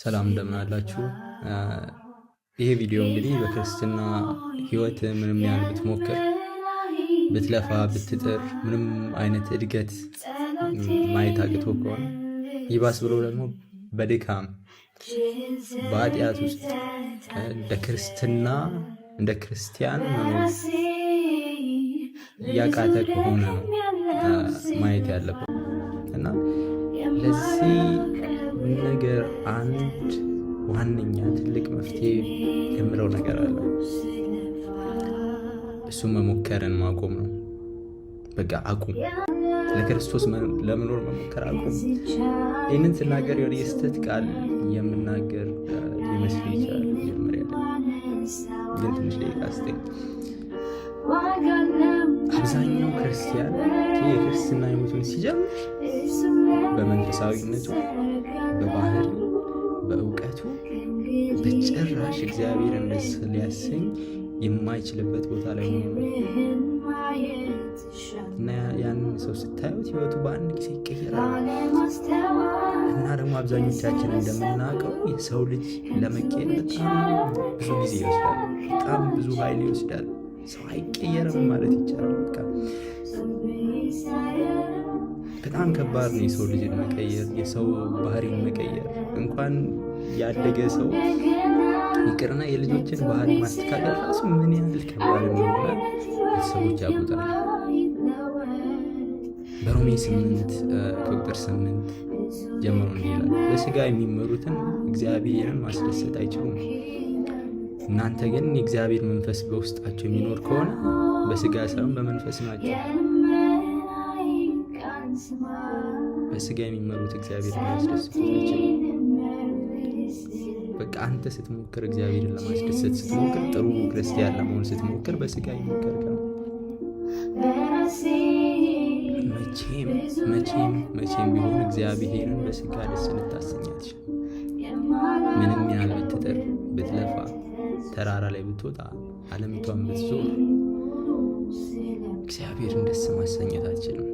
ሰላም እንደምን አላችሁ። ይሄ ቪዲዮ እንግዲህ በክርስትና ህይወት ምንም ያህል ብትሞክር፣ ብትለፋ፣ ብትጥር ምንም አይነት እድገት ማየት አቅቶ ከሆነ ይባስ ብሎ ደግሞ በድካም በኃጢአት ውስጥ እንደ ክርስትና እንደ ክርስቲያን መኖር ያቃተ ከሆነ ማየት ያለበት እና ለዚህ ነገር አንድ ዋነኛ ትልቅ መፍትሄ የምለው ነገር አለ። እሱ መሞከርን ማቆም ነው። በቃ አቁም፣ ለክርስቶስ ለመኖር መሞከር አቁም። ይህንን ስናገር የሆነ የስህተት ቃል የምናገር ሊመስል ይችላል። መጀመሪያ ግን ትንሽ ደቂቃ ስጠኝ። አብዛኛው ክርስቲያን የክርስትና ህይወቱን ሲጀምር በመንፈሳዊነቱ፣ በባህሪ፣ በእውቀቱ በጭራሽ እግዚአብሔር እንደስ ሊያሰኝ የማይችልበት ቦታ ላይ ሆኖ እና ያንን ሰው ስታዩት ህይወቱ በአንድ ጊዜ ይቀየራል። እና ደግሞ አብዛኞቻችን እንደምናውቀው የሰው ልጅ ለመቀየር በጣም ብዙ ጊዜ ይወስዳል፣ በጣም ብዙ ኃይል ይወስዳል። ሰው አይቀየርም ማለት ይቻላል በቃ በጣም ከባድ ነው የሰው ልጅን መቀየር፣ የሰው ባህሪን መቀየር። እንኳን ያደገ ሰው ይቅርና የልጆችን ባህሪ ማስተካከል ራሱ ምን ያህል ከባድ እንደሆነ ቤተሰቦች ያውቁታል። በሮሜ ስምንት ከቁጥር ስምንት ጀምሮ ይላል በስጋ የሚመሩትን እግዚአብሔርን ማስደሰት አይችሉም። እናንተ ግን የእግዚአብሔር መንፈስ በውስጣቸው የሚኖር ከሆነ በስጋ ሳይሆን በመንፈስ ናቸው። በስጋ የሚመሩት እግዚአብሔር ማያስደስታቸው። በቃ አንተ ስትሞክር እግዚአብሔርን ለማስደሰት ስትሞክር፣ ጥሩ ክርስቲያን ለመሆን ስትሞክር በስጋ ይሞከር ነው። መቼም መቼም መቼም ቢሆን እግዚአብሔርን በስጋ ደስ ልታሰኛች። ምንም ያህል ብትጥር ብትለፋ፣ ተራራ ላይ ብትወጣ፣ አለምቷን ብትዞር እግዚአብሔርን ደስ ማሰኘት አችልም።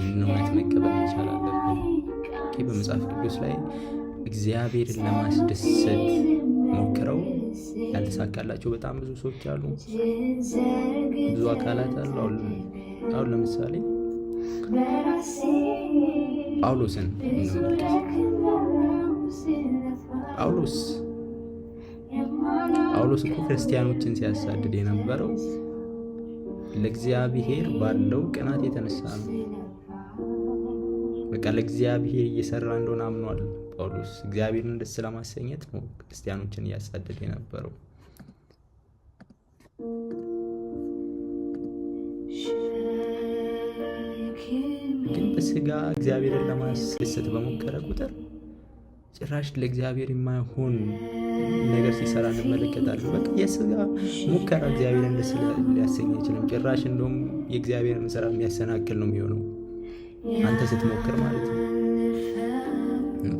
ይህን እውነት መቀበል መቻል አለብን። በመጽሐፍ ቅዱስ ላይ እግዚአብሔርን ለማስደሰት ሞክረው ያልተሳካላቸው በጣም ብዙ ሰዎች አሉ፣ ብዙ አካላት አሉ። አሁን ለምሳሌ ጳውሎስን እንመልከት። ጳውሎስ ጳውሎስ እኮ ክርስቲያኖችን ሲያሳድድ የነበረው ለእግዚአብሔር ባለው ቅናት የተነሳ ነው። በቃ ለእግዚአብሔር እየሰራ እንደሆነ አምኗል ጳውሎስ። እግዚአብሔርን ደስ ለማሰኘት ነው ክርስቲያኖችን እያሳደደ የነበረው። ግን በስጋ እግዚአብሔርን ለማስደሰት በሞከረ ቁጥር ጭራሽ ለእግዚአብሔር የማይሆን ነገር ሲሰራ እንመለከታለን። በቃ የስጋ ሙከራ እግዚአብሔር እንደስ ሊያሰኝ አይችልም። ጭራሽ እንደውም የእግዚአብሔርን ስራ የሚያሰናክል ነው የሚሆነው አንተ ስትሞክር ማለት ነው።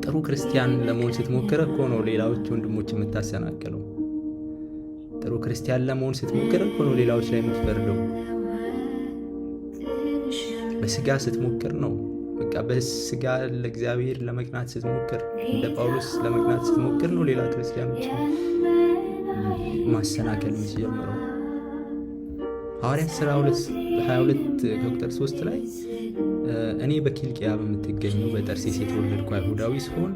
ጥሩ ክርስቲያን ለመሆን ስትሞክር እኮ ነው ሌላዎች ወንድሞች የምታሰናክለው። ጥሩ ክርስቲያን ለመሆን ስትሞክር እኮ ነው ሌላዎች ላይ የምትፈርደው። በስጋ ስትሞክር ነው በቃ በስጋ ለእግዚአብሔር ለመቅናት ስትሞክር፣ እንደ ጳውሎስ ለመቅናት ስትሞክር ነው ሌላ ክርስቲያኖች ማሰናከል ሲጀምረው ሐዋርያት ሥራ 22 ከቁጥር 3 ላይ እኔ በኪልቅያ በምትገኘው በጠርሴስ የተወለድኩ አይሁዳዊ ሲሆን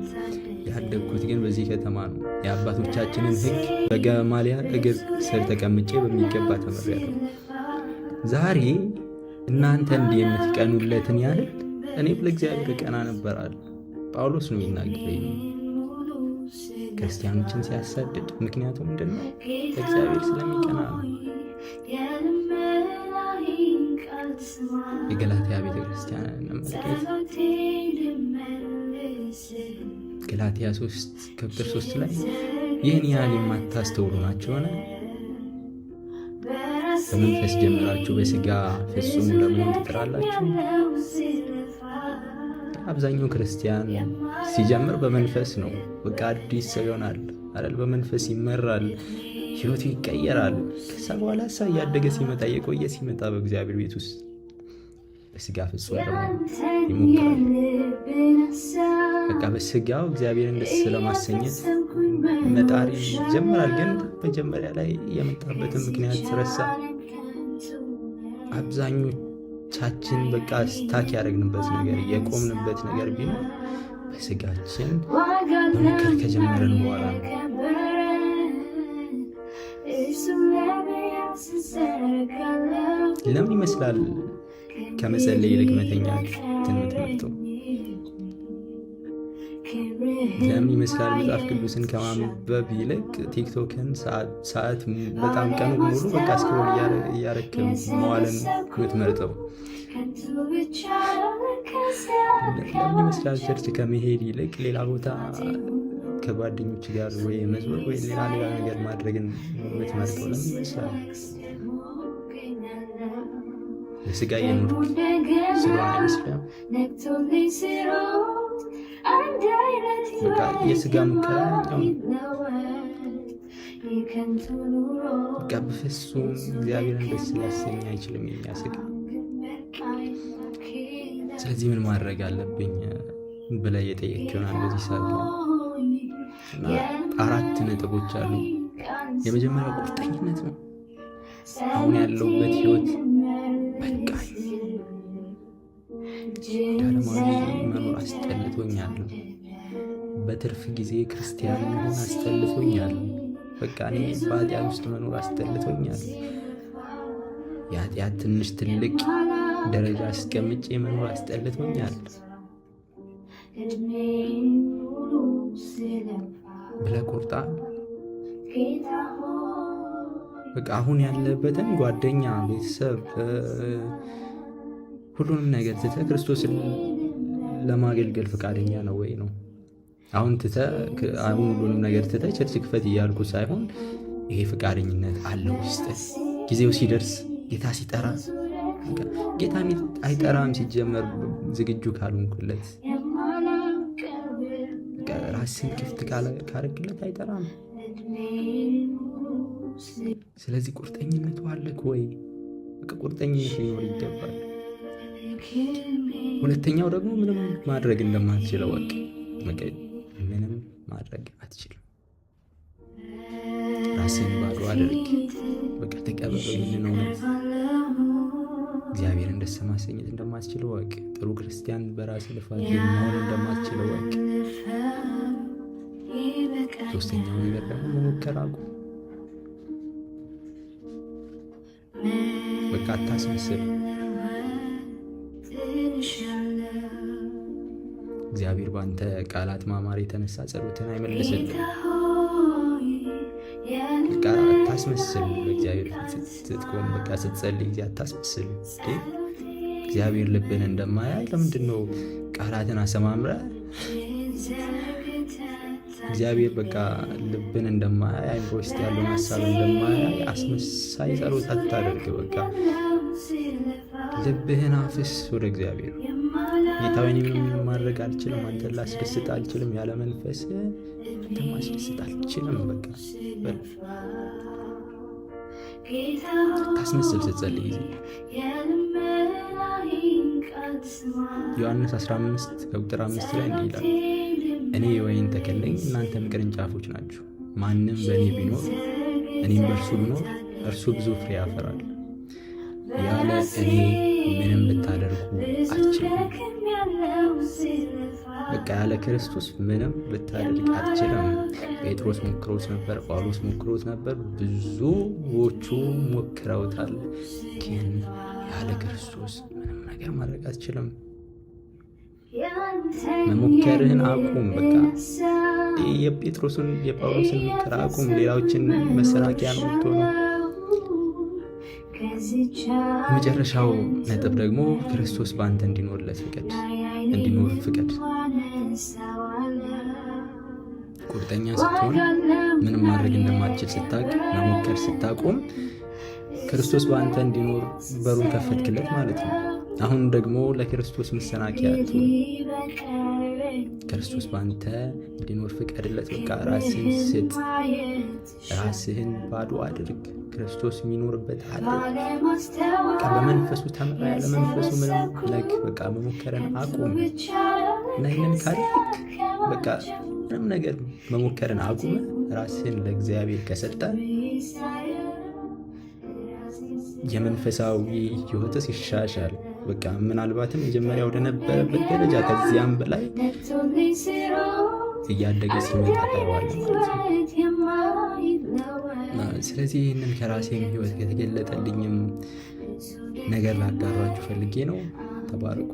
ያደግኩት ግን በዚህ ከተማ ነው። የአባቶቻችንን ሕግ በገማሊያ እግር ስር ተቀምጬ በሚገባ ተምሬያለሁ። ዛሬ እናንተ እንዲህ የምትቀኑለትን ያህል እኔም ለእግዚአብሔር ቀና ነበር አለ ጳውሎስ ነው ይናገረኝ ክርስቲያኖችን ሲያሳድድ ምክንያቱም ምንድን ነው? እግዚአብሔር ስለሚቀና ነው። የገላትያ ቤተክርስቲያን ክርስቲያንን ገላትያ ሶስት ከብር ሶስት ላይ ይህን ያህል የማታስተውሉ ናቸው ሆነ በመንፈስ ጀምራችሁ በስጋ ፍጹም ለምን ትጥራላችሁ። አብዛኛው ክርስቲያን ሲጀምር በመንፈስ ነው። በቃ አዲስ ሰው ይሆናል አይደል? በመንፈስ ይመራል፣ ህይወቱ ይቀየራል። ከዛ በኋላ ሳ እያደገ ሲመጣ እየቆየ ሲመጣ በእግዚአብሔር ቤት ውስጥ በስጋ ፍጹም ደግሞ በቃ በስጋው እግዚአብሔርን ደስ ለማሰኘት መጣሪ ይጀምራል። ግን መጀመሪያ ላይ የመጣበትን ምክንያት ረሳ አብዛኞቹ ቻችን በቃ ስታክ ያደረግንበት ነገር የቆምንበት ነገር ቢኖር በስጋችን መምከር ከጀመረን በኋላ ነው። ለምን ይመስላል ከመጸለይ ይልቅ መተኛት ትምህርት ለምን ይመስላል መጽሐፍ ቅዱስን ከማንበብ ይልቅ ቲክቶክን ሰዓት በጣም ቀኑ ሙሉ በቃ እስክሮል እያረክም መዋልን የምትመርጠው? ለምን ይመስላል ቸርች ከመሄድ ይልቅ ሌላ ቦታ ከጓደኞች ጋር ወይ መዝሙር ወይ ሌላ ሌላ ነገር ማድረግን የምትመርጠው ለምን ይመስላል? ስጋ የኑር ስለሆነ አይመስላል የስጋ ሙከራ በቃ በፍጹም እግዚአብሔርን ደስ ሊያሰኝ አይችልም የኛ ስጋ። ስለዚህ ምን ማድረግ አለብኝ ብለህ የጠየቅችውን በዚህ ሰዓት አራት ነጥቦች አሉ። የመጀመሪያው ቁርጠኝነት ነው። አሁን ያለውበት ህይወት በቃ አስጠልቶኛል። በትርፍ ጊዜ ክርስቲያን መሆን አስጠልቶኛል። በቃ እኔ በኃጢአት ውስጥ መኖር አስጠልቶኛል። የኃጢአት ትንሽ ትልቅ ደረጃ አስቀምጬ መኖር አስጠልቶኛል ብለህ ቆርጣ በቃ አሁን ያለበትን ጓደኛ፣ ቤተሰብ ሁሉንም ነገር ትተህ ክርስቶስን ለማገልገል ፈቃደኛ ነው ወይ ነው። አሁን ትተ አሁን ሁሉንም ነገር ትተ ቸርች ክፈት እያልኩ ሳይሆን ይሄ ፈቃደኝነት አለው ውስጥ ጊዜው ሲደርስ ጌታ ሲጠራ ጌታ አይጠራም ሲጀመር ዝግጁ ካልሆንኩለት ራስን ክፍት ካረግለት አይጠራም። ስለዚህ ቁርጠኝነቱ አለክ ወይ? ቁርጠኝነት ሊኖር ይገባል። ሁለተኛው ደግሞ ምንም ማድረግ እንደማትችለው ወቅ ምንም ማድረግ አትችልም። ራስን ባዶ አድርግ። በቃ ተቀበለው። ምንነው ነው እግዚአብሔር ደስ ማሰኘት እንደማትችለው ወቅ ጥሩ ክርስቲያን በራስ ልፋት መሆን እንደማትችለው ወቅ ሶስተኛው ነገር ደግሞ መሞከር አቁም። በቃ አታስመስል። በአንተ ቃላት ማማር የተነሳ ጸሎትን አይመልስል። አታስመስል። በእግዚአብሔር ስትቆም በቃ ስትጸልይ ጊዜ አታስመስል። እግዚአብሔር ልብን እንደማያይ ለምንድን ነው ቃላትን አሰማምረ? እግዚአብሔር በቃ ልብን እንደማያይ አይምሮ ውስጥ ያለውን ሀሳብ እንደማያይ አስመሳይ ጸሎት አታደርግ። በቃ ልብህን አፍስ ወደ እግዚአብሔር ጌታዊን ማድረግ አልችልም፣ አንተን ላስደስት አልችልም፣ ያለ መንፈስ አንተን ማስደስት አልችልም። በቃ ታስመስል ስትጸልይ ጊዜ ዮሐንስ 15 ከቁጥር 5 ላይ እንዲህ ይላል፣ እኔ የወይን ተክል ነኝ፣ እናንተም ቅርንጫፎች ናችሁ። ማንም በእኔ ቢኖር እኔም በእርሱ ብኖር እርሱ ብዙ ፍሬ ያፈራል። ምንም ብታደርጉ በቃ ያለ ክርስቶስ ምንም ልታደርግ አትችልም። ጴጥሮስ ሞክሮት ነበር፣ ጳውሎስ ሞክሮት ነበር፣ ብዙዎቹ ሞክረውታል። ግን ያለ ክርስቶስ ምንም ነገር ማድረግ አትችልም። መሞከርህን አቁም። በቃ የጴጥሮስን የጳውሎስን ሙከራ አቁም። ሌላዎችን መሰናቂያ ነው የመጨረሻው ነጥብ ደግሞ ክርስቶስ በአንተ እንዲኖርለት ፍቀድ እንዲኖር ፍቀድ። ቁርጠኛ ስትሆን ምንም ማድረግ እንደማትችል ስታቅ መሞከር ስታቆም ክርስቶስ በአንተ እንዲኖር በሩን ከፈትክለት ማለት ነው። አሁን ደግሞ ለክርስቶስ መሰናከያ ክርስቶስ በአንተ እንዲኖር ፍቀድለት። በቃ ራስህን ስጥ፣ ራስህን ባዶ አድርግ። ክርስቶስ የሚኖርበት በመንፈሱ ተምራ ለመንፈሱ ምንም በቃ መሞከረን አቁም እና ይህንን ካደረግ በቃ ምንም ነገር መሞከረን አቁም። ራስህን ለእግዚአብሔር ከሰጠ የመንፈሳዊ ህይወትስ ይሻሻል። በቃ ምናልባትም መጀመሪያ ወደነበረበት ደረጃ ከዚያም በላይ እያደገ ሲመጣ ታይዋለ ማለት ነው። ስለዚህ ይህንን ከራሴም ህይወት የተገለጠልኝም ነገር ላጋራችሁ ፈልጌ ነው። ተባረኩ።